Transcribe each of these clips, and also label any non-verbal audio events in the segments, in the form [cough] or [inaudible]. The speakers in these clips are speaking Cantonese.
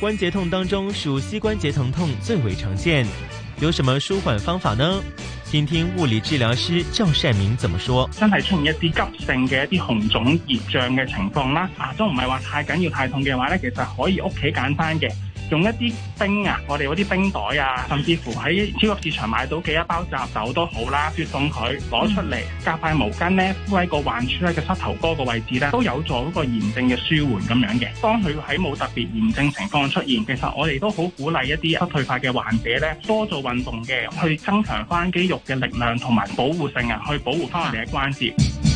關節痛當中，屬膝關節疼痛最為常見。有什麼舒緩方法呢？聽聽物理治療師趙善明怎麼說。真係出現一啲急性嘅一啲紅腫熱脹嘅情況啦，啊，都唔係話太緊要太痛嘅話咧，其實可以屋企簡單嘅。用一啲冰啊，我哋嗰啲冰袋啊，甚至乎喺超級市場買到嘅一包雜豆都好啦，雪凍佢攞出嚟，夾塊毛巾咧敷喺個患處咧嘅膝頭哥個位置咧，都有助嗰個炎症嘅舒緩咁樣嘅。當佢喺冇特別炎症情況出現，其實我哋都好鼓勵一啲膝退化嘅患者咧，多做運動嘅，去增強翻肌肉嘅力量同埋保護性啊，去保護翻我哋嘅關節。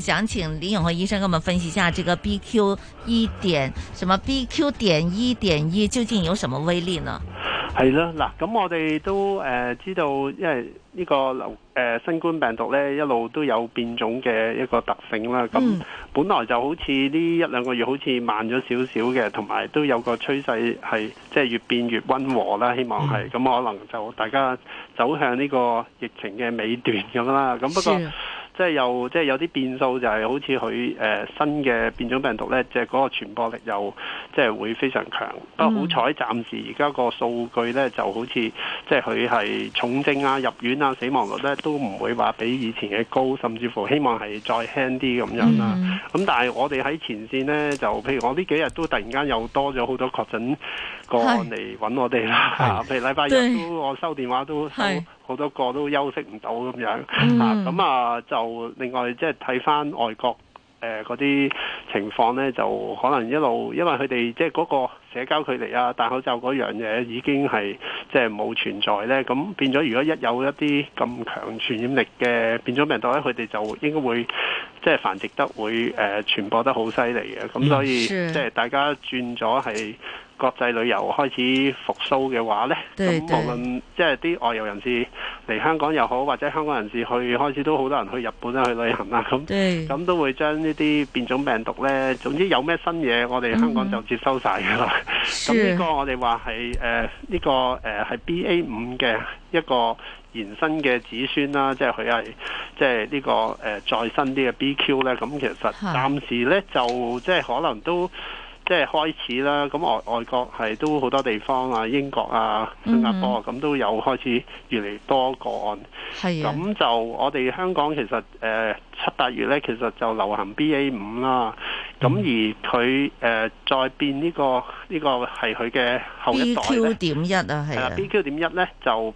想請林永和醫生跟我們分析一下，這個 BQ 一點什麼 BQ 點一點一究竟有什麼威力呢？係啦，嗱，咁我哋都誒知道，因為呢個流、誒新冠病毒咧一路都有變種嘅一個特性啦。咁、嗯、本來就好似呢一兩個月好似慢咗少少嘅，同埋都有一個趨勢係即係越變越溫和啦。希望係咁，嗯、那可能就大家走向呢個疫情嘅尾段咁啦。咁不過。即係又即係有啲變數就，就係好似佢誒新嘅變種病毒咧，即係嗰個傳播力又即係會非常強。不過好彩，暫時而家個數據咧，就好似即係佢係重症啊、入院啊、死亡率咧，都唔會話比以前嘅高，甚至乎希望係再輕啲咁樣啦、啊。咁、嗯嗯、但係我哋喺前線咧，就譬如我呢幾日都突然間又多咗好多確診個案嚟揾我哋啦。譬如禮拜日都對我收電話都收。好多個都休息唔到咁樣，mm. 啊咁啊就另外即係睇翻外國嗰啲、呃、情況呢，就可能一路因為佢哋即係嗰個社交距離啊、戴口罩嗰樣嘢已經係即係冇存在呢。咁變咗如果一有一啲咁強傳染力嘅變種病毒呢，佢哋就應該會即係繁殖得會誒、呃、傳播得好犀利嘅，咁所以即係大家轉咗係。國際旅遊開始復甦嘅話呢，咁無論即係啲外遊人士嚟香港又好，或者香港人士去開始都好多人去日本啦去旅行啦，咁咁對都會將呢啲變種病毒呢，總之有咩新嘢，我哋香港就接收晒噶啦。咁呢個我哋話係誒呢個誒係 B A 五嘅一個延伸嘅子孫啦，即係佢係即係呢、這個誒、呃、再新啲嘅 B Q 呢。咁、嗯、其實暫時呢，是就即係可能都。即係開始啦，咁外外國係都好多地方啊，英國啊、新加坡啊，咁、mm hmm. 都有開始越嚟多個案。係、啊，咁就我哋香港其實誒七八月咧，其實就流行 BA 五啦。咁、mm hmm. 而佢誒、呃、再變呢、呢個呢、呢個係佢嘅後一代 BQ 點一啊，係、啊、BQ 點一咧就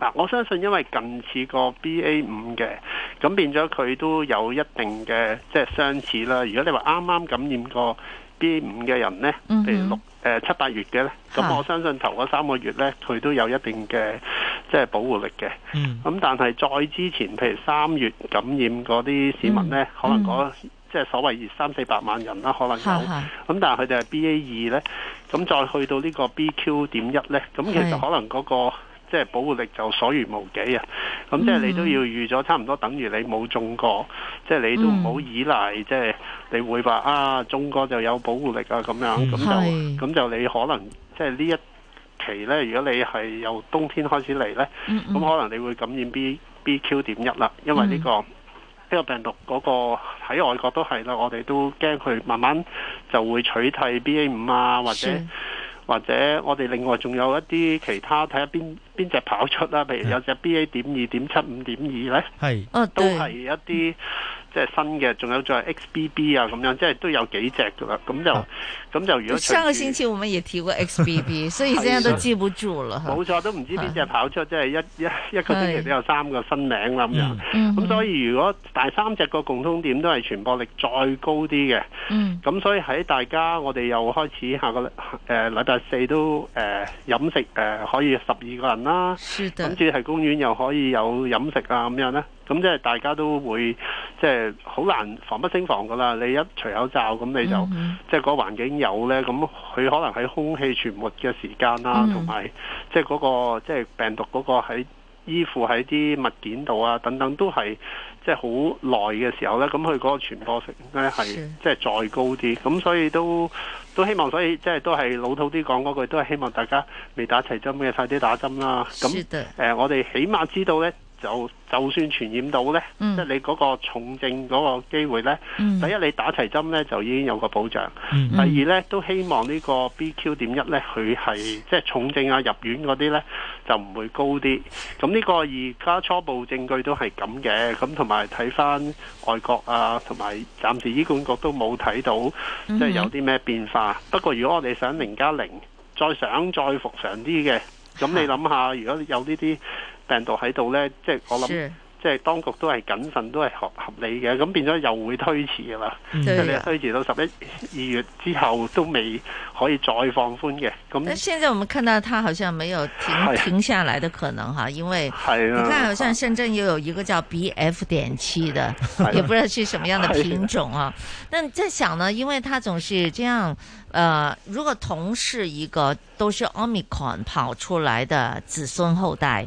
嗱，我相信因為近似個 BA 五嘅，咁變咗佢都有一定嘅即係相似啦。如果你話啱啱感染過。B 五嘅人呢，譬如六誒七八月嘅呢，咁我相信頭嗰三個月呢，佢都有一定嘅即係保護力嘅。咁、mm hmm. 但係再之前，譬如三月感染嗰啲市民呢，mm hmm. 可能嗰、嗰個、即係所謂三四百萬人啦，可能有。咁、mm hmm. 但係佢哋係 B A 二呢，咁再去到呢個 B Q 點一呢，咁其實可能嗰、嗰個。即係保護力就所餘無幾啊！咁即係你都要預咗差唔多，等於你冇中過，即係、嗯、你都唔好依賴，即、就、係、是、你會話啊中過就有保護力啊咁樣，咁就咁是就你可能即係呢一期呢，如果你係由冬天開始嚟呢，咁、嗯、可能你會感染 B BQ 點一啦，因為呢、這個呢、嗯、個病毒嗰、那個喺外國都係啦，我哋都驚佢慢慢就會取替 B A 五啊或者。或者我哋另外仲有一啲其他睇下邊邊隻跑出啦，譬如有隻 B A 點二點七五點二咧，係，啊、都係一啲。嗯即係新嘅，仲有再 XBB 啊咁樣，即係都有幾隻噶啦，咁就咁好就如果上個星期我們也提過 XBB， [laughs] 所以現在都記不住啦。冇錯的、啊，都唔知邊隻跑出，啊、即係一一一個星期都有三個新名啦咁樣。咁的、嗯、所以如果第三隻個共通點都係傳播力再高啲嘅。咁、嗯、所以喺大家我哋又開始下個誒禮拜四都誒飲、呃、食、呃、可以十二個人啦。跟住喺公園又可以有飲食啊咁樣呢。咁即係大家都會，即係好難防不勝防噶啦。你一除口罩，咁你就即係嗰個環境有呢，咁佢可能喺空氣傳播嘅時間啦，同埋即係嗰個即係、即係、病毒嗰個喺依附喺啲物件度啊，等等都係即係好耐嘅時候呢。咁佢嗰個傳播性呢係即係再高啲。咁所以都都希望，所以即係、即係、都係老土啲講嗰句，都係希望大家未打齊針嘅快啲打針啦。咁誒、呃、我哋起碼知道呢。就就算傳染到呢，嗯、即係你嗰個重症嗰個機會呢，嗯、第一你打齊針呢，就已經有個保障。嗯、第二呢，都希望呢個 BQ 點一呢，佢係即係重症啊入院嗰啲呢，就唔會高啲。咁呢個而家初步證據都係咁嘅。咁同埋睇翻外國啊，同埋暫時醫管局都冇睇到即係、就是、有啲咩變化。嗯、不過如果我哋想零加零，再想再復常啲嘅，咁你諗下，啊、如果有呢啲病毒喺度咧，就是、是即係我諗，即係當局都係謹慎，都係合合理嘅。咁變咗又會推遲㗎嘛，即係你推遲到十一二月之後都未可以再放寬嘅。咁，但係現在我們看到，它好像沒有停、啊、停下來的可能哈，因為你睇，好像深圳又有一個叫 BF 點七的，啊、也不知道係什麼樣的品種啊。但在想呢，因為它總是這樣，呃，如果同是一個都是奧米克戎跑出來的子孫後代。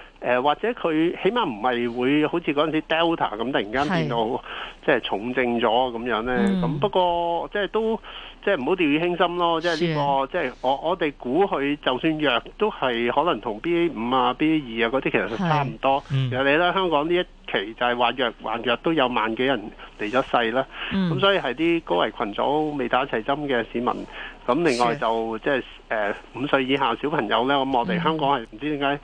誒、呃、或者佢起碼唔係會好似嗰陣時 Delta 咁突然間變到是即係重症咗咁樣咧。咁、嗯、不過即係都即係唔好掉以輕心咯。是即係呢個即係我我哋估佢就算弱都係可能同 B A 五啊、B A 二啊嗰啲其實差唔多。其實你咧香港呢一期就係話弱還弱都有萬幾人離咗世啦。咁、嗯、所以係啲高危群組未打齊針嘅市民。咁另外就是即係誒五歲以下小朋友咧，咁我哋香港係唔知點解。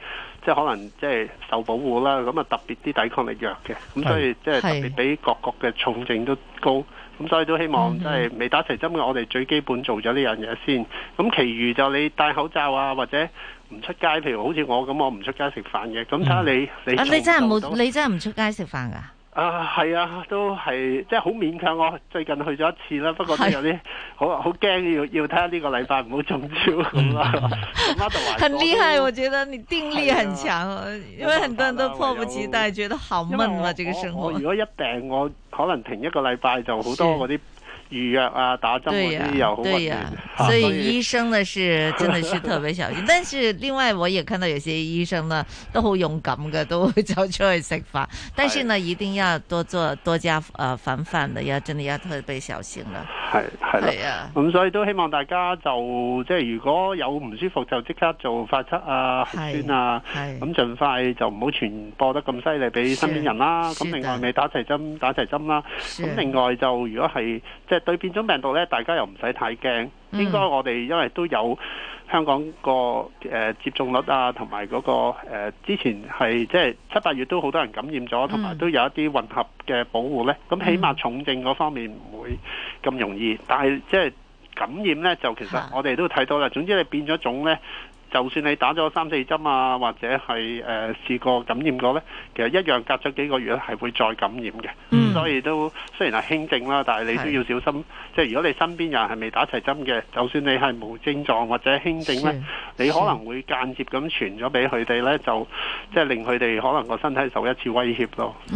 即係可能即係受保護啦，咁啊特別啲抵抗力弱嘅，咁是所以即係特別比各國嘅重症都高，咁是所以都希望即係未打齊針嘅，嗯、我哋最基本做咗呢樣嘢先。咁其餘就你戴口罩啊，或者唔出街，譬如好似我咁，我唔出街食飯嘅。咁睇下，嗯、你你你真係冇，你真係唔出街食飯㗎？啊，係啊，都係，即係好勉強，我最近去咗一次啦，不過都有啲好是好驚，要要睇下呢個禮拜唔好中招咁咯。樣啊、 [laughs] 很厲害，都我覺得你定力很強，啊、因為很多人都迫不及待，有覺得好悶啊，這個生活。我我如果一病，我可能停一個禮拜就好多嗰啲。預約啊，打針啲又好危險，所以醫生呢是真的是特別小心。 [laughs] 但是另外，我也看到有些醫生呢都好勇敢嘅，都會走出去食飯。是但是呢，一定要多做多加誒防範嘅，要真的要特別小心啦。係係啊，咁所以都希望大家就即係、就是、如果有唔舒服就即刻做檢測啊、是核酸咁、啊、盡是快就唔好傳播得咁犀利俾身邊人啦。咁另外咪打齊針、打齊針啦。咁是另外就如果係即、就是對變種病毒咧，大家又唔使太驚。應該我哋因為都有香港個、呃、接種率啊，同埋嗰個、呃、之前係即係七八月都好多人感染咗，同埋都有一啲混合嘅保護咧。咁起碼重症嗰方面唔會咁容易，但係即係感染咧就其實我哋都睇到啦。總之你變咗種咧。就算你打咗三四針啊，或者係誒試過感染過呢，其實一樣隔咗幾個月咧，係會再感染嘅。嗯、所以都雖然係輕症啦，但係你都要小心。是即係如果你身邊人係未打齊針嘅，就算你係冇症狀或者輕症呢，你可能會間接咁傳咗俾佢哋呢，就即係令佢哋可能個身體受一次威脅咯。是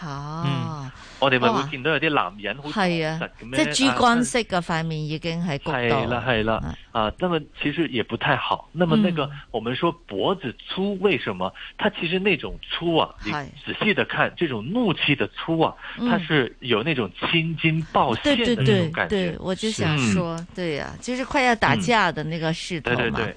好 [noise] 嗯，我哋咪會見到有啲男人好實嘅咩，即係豬肝色嘅塊面已經係係啦係啦啊！那麼其實也不太好，嗯、那麼那個我們說脖子粗，為什麼？它其實那種粗啊，你仔細的看，嗯、這種怒氣的粗啊，它是有那種青筋暴現嘅感覺。對對對，對，我就想說，是對呀、啊，就是快要打架的那個勢頭嘛。嗯對對對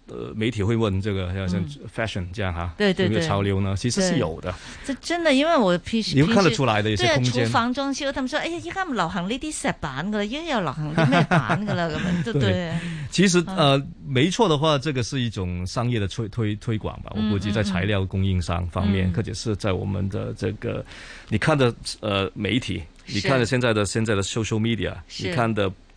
呃，媒體會問這個，要像 fashion 這樣哈，嗯、對對對，有沒有潮流呢？其實是有的。對這真的，因為我平時你們看得出來的一些空間，對、啊、廚房裝修，他們說：“哎呀，依家唔流行呢啲石板噶啦，依家又流行咩板噶啦。 [laughs] 對”咁樣，對對。其實、嗯、呃，沒錯的話，這個是一種商業的推推推廣吧。我估計在材料供應商方面，或者、嗯嗯、是在我們的這個，你看的呃媒體，是你看的現在的現在的 social media，是你看的。